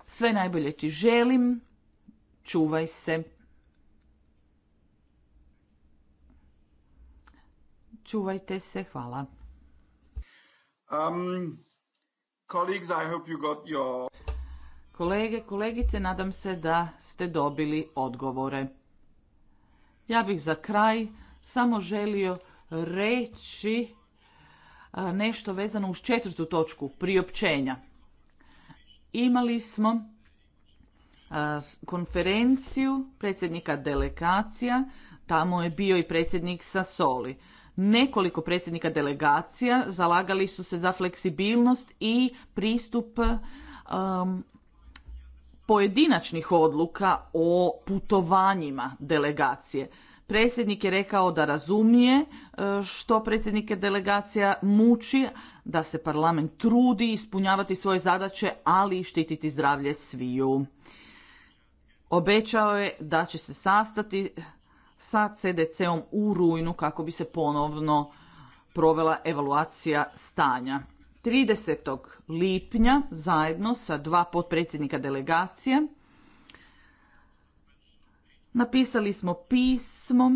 Sve najbolje ti želim, čuvaj se. Čuvajte se, hvala. Um, colleagues, I Kolege, kolegice, nadam se da ste dobili odgovore. Ja bih za kraj samo želio reći uh, nešto vezano uz četvrtu točku priopćenja. Imali smo uh, konferenciju predsjednika delegacija, tamo je bio i predsjednik Sasoli nekoliko predsjednika delegacija zalagali su se za fleksibilnost i pristup um, pojedinačnih odluka o putovanjima delegacije. Predsjednik je rekao da razumije uh, što predsjednike delegacija muči, da se parlament trudi ispunjavati svoje zadaće, ali i štititi zdravlje sviju. Obećao je da će se sastati sa CDC-om u rujnu kako bi se ponovno provela evaluacija stanja. 30. lipnja zajedno sa dva potpredsjednika delegacije napisali smo pismo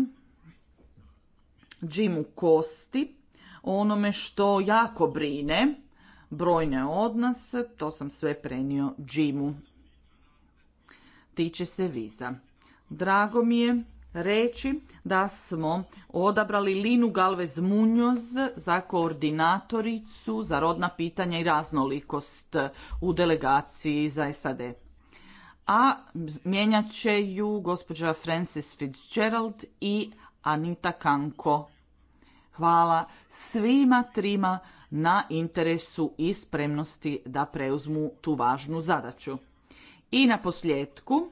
Jimu Kosti o onome što jako brine brojne od nas, to sam sve prenio Jimu. Tiče se viza. Drago mi je reći da smo odabrali Linu Galvez Munoz za koordinatoricu za rodna pitanja i raznolikost u delegaciji za SAD. A mijenjat će ju gospođa Frances Fitzgerald i Anita Kanko. Hvala svima trima na interesu i spremnosti da preuzmu tu važnu zadaću. I na posljedku,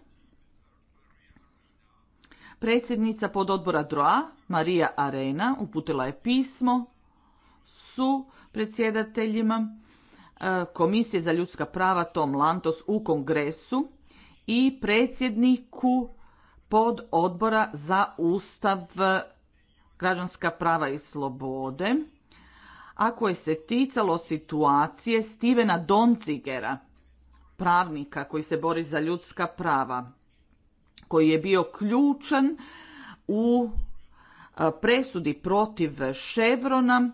Predsjednica pod odbora DROA, Marija Arena, uputila je pismo su predsjedateljima e, Komisije za ljudska prava Tom Lantos u kongresu i predsjedniku pod odbora za Ustav, građanska prava i slobode, a koje se ticalo situacije Stivena Doncigera, pravnika koji se bori za ljudska prava koji je bio ključan u presudi protiv Ševrona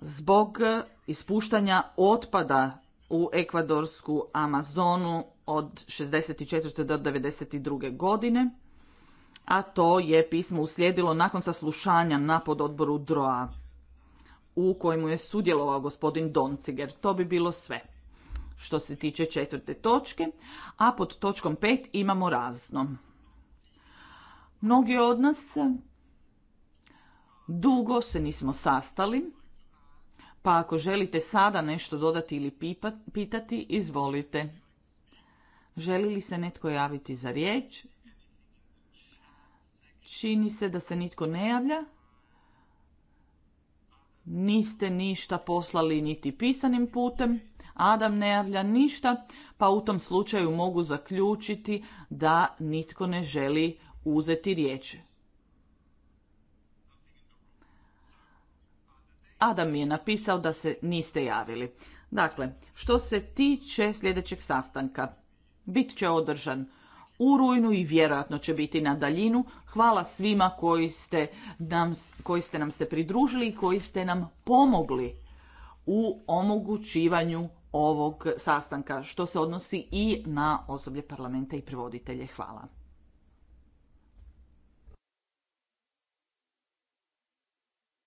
zbog ispuštanja otpada u ekvadorsku Amazonu od 64. do 92. godine, a to je pismo uslijedilo nakon saslušanja na pododboru DROA u kojemu je sudjelovao gospodin Donciger. To bi bilo sve što se tiče četvrte točke, a pod točkom 5 imamo razno. Mnogi od nas dugo se nismo sastali, pa ako želite sada nešto dodati ili pitati, izvolite. Želi li se netko javiti za riječ? Čini se da se nitko ne javlja. Niste ništa poslali niti pisanim putem. Adam ne javlja ništa, pa u tom slučaju mogu zaključiti da nitko ne želi uzeti riječ. Adam mi je napisao da se niste javili. Dakle, što se tiče sljedećeg sastanka, bit će održan u rujnu i vjerojatno će biti na daljinu. Hvala svima koji ste nam, koji ste nam se pridružili i koji ste nam pomogli u omogućivanju ovog sastanka, što se odnosi i na osoblje parlamenta i prevoditelje. Hvala.